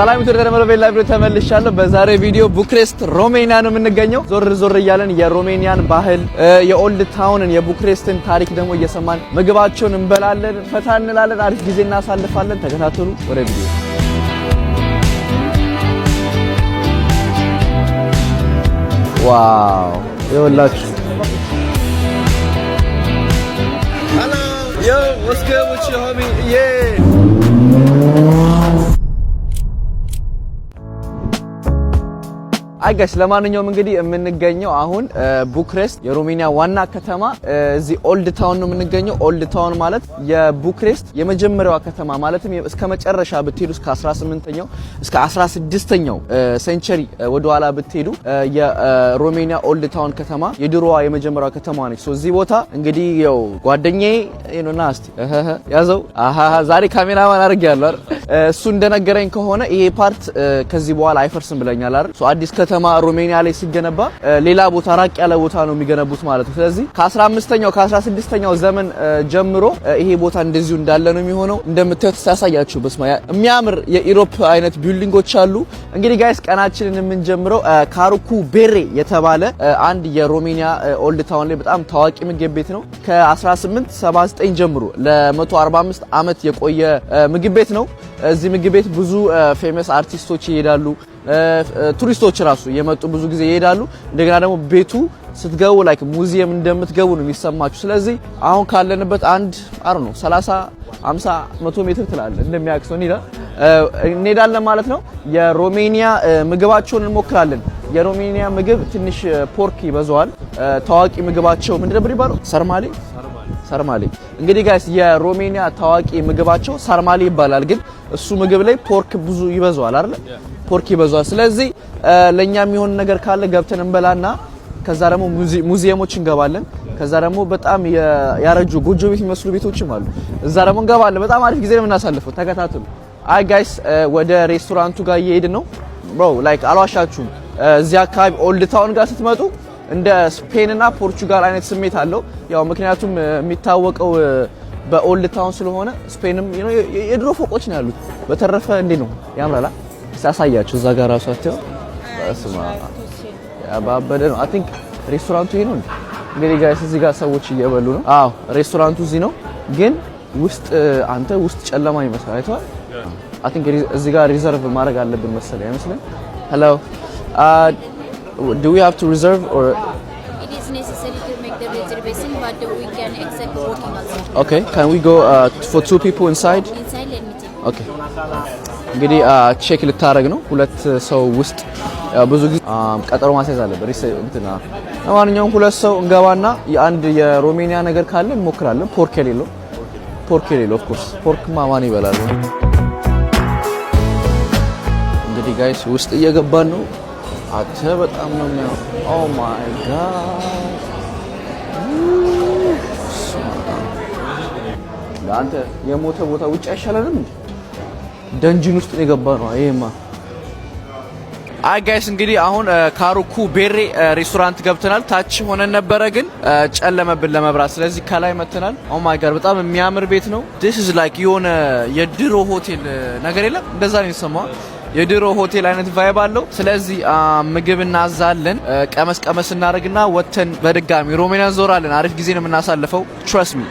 ሰላም ዩቱብ ተደረመለ ላይቭ ተመልሻለሁ። በዛሬ ቪዲዮ ቡክሬስት ሮሜኒያ ነው የምንገኘው። ዞር ዞር እያለን የሮሜኒያን ባህል፣ የኦልድ ታውንን፣ የቡክሬስትን ታሪክ ደግሞ እየሰማን ምግባቸውን እንበላለን፣ ፈታ እንላለን፣ አሪፍ ጊዜ እናሳልፋለን። ተከታተሉ ወደ ቪዲዮ ዋው ይኸውላችሁ Hello, ዮ ወስከ ወቺ ሆሚ ዬ አይ ጋሽ ለማንኛውም እንግዲህ የምንገኘው አሁን ቡክሬስት የሮሜኒያ ዋና ከተማ እዚህ ኦልድ ታውን ነው የምንገኘው። ኦልድ ታውን ማለት የቡክሬስት የመጀመሪያዋ ከተማ ማለትም እስከ መጨረሻ ብትሄዱ እስከ 18ኛው እስከ 16ኛው ሴንቸሪ ወደኋላ ብትሄዱ የሮሜኒያ ኦልድ ታውን ከተማ የድሮዋ የመጀመሪያዋ ከተማ ነች። እዚህ ቦታ እንግዲህ ያው ጓደኛዬ ና እስቲ ያዘው ዛሬ ካሜራማን አድርግ እሱ እንደነገረኝ ከሆነ ይሄ ፓርት ከዚህ በኋላ አይፈርስም ብለኛል አይደል አዲስ ከተማ ከተማ ሮሜኒያ ላይ ሲገነባ ሌላ ቦታ ራቅ ያለ ቦታ ነው የሚገነቡት ማለት ነው። ስለዚህ ከ15ኛው ከ16ኛው ዘመን ጀምሮ ይሄ ቦታ እንደዚሁ እንዳለ ነው የሚሆነው። እንደምታዩት ሲያሳያችሁ በስማ የሚያምር የኢሮፕ አይነት ቢልዲንጎች አሉ። እንግዲህ ጋይስ ቀናችንን የምንጀምረው ካሩኩ ቤሬ የተባለ አንድ የሮሜኒያ ኦልድ ታውን ላይ በጣም ታዋቂ ምግብ ቤት ነው። ከ1879 ጀምሮ ለ145 ዓመት የቆየ ምግብ ቤት ነው። እዚህ ምግብ ቤት ብዙ ፌመስ አርቲስቶች ይሄዳሉ። ቱሪስቶች ራሱ የመጡ ብዙ ጊዜ ይሄዳሉ። እንደገና ደግሞ ቤቱ ስትገቡ ላይክ ሙዚየም እንደምትገቡ ነው የሚሰማችሁ። ስለዚህ አሁን ካለንበት አንድ አር ነው 30 50 100 ሜትር ትላለ እንደሚያክሰው እንሄዳለን ማለት ነው። የሮሜኒያ ምግባቸውን እንሞክራለን። የሮሜኒያ ምግብ ትንሽ ፖርክ ይበዛዋል። ታዋቂ ምግባቸው ምንድነው? ብሪባሮ ሰርማሌ ሰርማሌ እንግዲህ ጋይስ የሮሜኒያ ታዋቂ ምግባቸው ሰርማሌ ይባላል። ግን እሱ ምግብ ላይ ፖርክ ብዙ ይበዛዋል አይደል? ፖርክ ይበዛዋል። ስለዚህ ለኛ የሚሆን ነገር ካለ ገብተን እንበላና ከዛ ደግሞ ሙዚየሞች እንገባለን። ከዛ ደግሞ በጣም ያረጁ ጎጆ ቤት የሚመስሉ ቤቶችም አሉ። እዛ ደግሞ እንገባለን። በጣም አሪፍ ጊዜ ነው የምናሳልፈው። ተከታተሉ። አይ ጋይስ ወደ ሬስቶራንቱ ጋር እየሄድን ነው። ብሮ ላይክ አልዋሻችሁም። እዚያ አካባቢ ኦልድ ታውን ጋር ስትመጡ እንደ ስፔንና ፖርቹጋል አይነት ስሜት አለው። ያው ምክንያቱም የሚታወቀው በኦልድ ታውን ስለሆነ ስፔንም የድሮ ፎቆች ነው ያሉት። በተረፈ እንዴ ነው ያምራላ። ሳሳያችሁ እዛ ጋር ራሱ አትየው ስማ ያባበደ ነው። አይ ቲንክ ሬስቶራንቱ ይሄ ነው እንግዲህ ጋይስ፣ እዚህ ጋር ሰዎች እየበሉ ነው። አዎ ሬስቶራንቱ እዚህ ነው፣ ግን ውስጥ አንተ ውስጥ ጨለማ ይመስላል። አይተዋል። አይ ቲንክ እዚህ ጋር ሪዘርቭ ማድረግ አለብን መሰለኝ አይመስልም? ሄሎ do we have to reserve or? It is necessary to make the reservation, but we can accept walking also. Okay, can we go uh, for two people inside? Inside, let me check. Okay. እንግዲህ ቼክ ልታደረግ ነው። ሁለት ሰው ውስጥ ብዙ ጊዜ ቀጠሮ ማስያዝ አለበት። ለማንኛውም ሁለት ሰው እንገባና የአንድ የሮሜኒያ ነገር ካለ እንሞክራለን። ፖርክ የሌለው ፖርክ የሌለው ኦፍኮርስ ፖርክ ማማን ይበላል። እንግዲህ ጋይስ ውስጥ እየገባን ነው። አንተ በጣም ነው የሚያ ኦ ማይ ጋድ ለአንተ የሞተ ቦታ ውጭ አይሻለንም እንዴ? ደንጅን ውስጥ ነው የገባ ነው ይሄማ። አይ ጋይስ እንግዲህ አሁን ካሩኩ ቤሬ ሬስቶራንት ገብተናል። ታች ሆነን ነበረ ግን ጨለመብን ለመብራት፣ ስለዚህ ከላይ መተናል። ኦ ማይ ጋድ በጣም የሚያምር ቤት ነው። ዲስ ኢዝ ላይክ የሆነ የድሮ ሆቴል ነገር የለም እንደዛ ነው የሚሰማው የድሮ ሆቴል አይነት ቫይብ አለው። ስለዚህ ምግብ እናዛለን፣ ቀመስ ቀመስ እናደርግና ወተን በድጋሚ ሮሜን ዞራለን። አሪፍ ጊዜ ነው የምናሳልፈው። ትረስት ሚ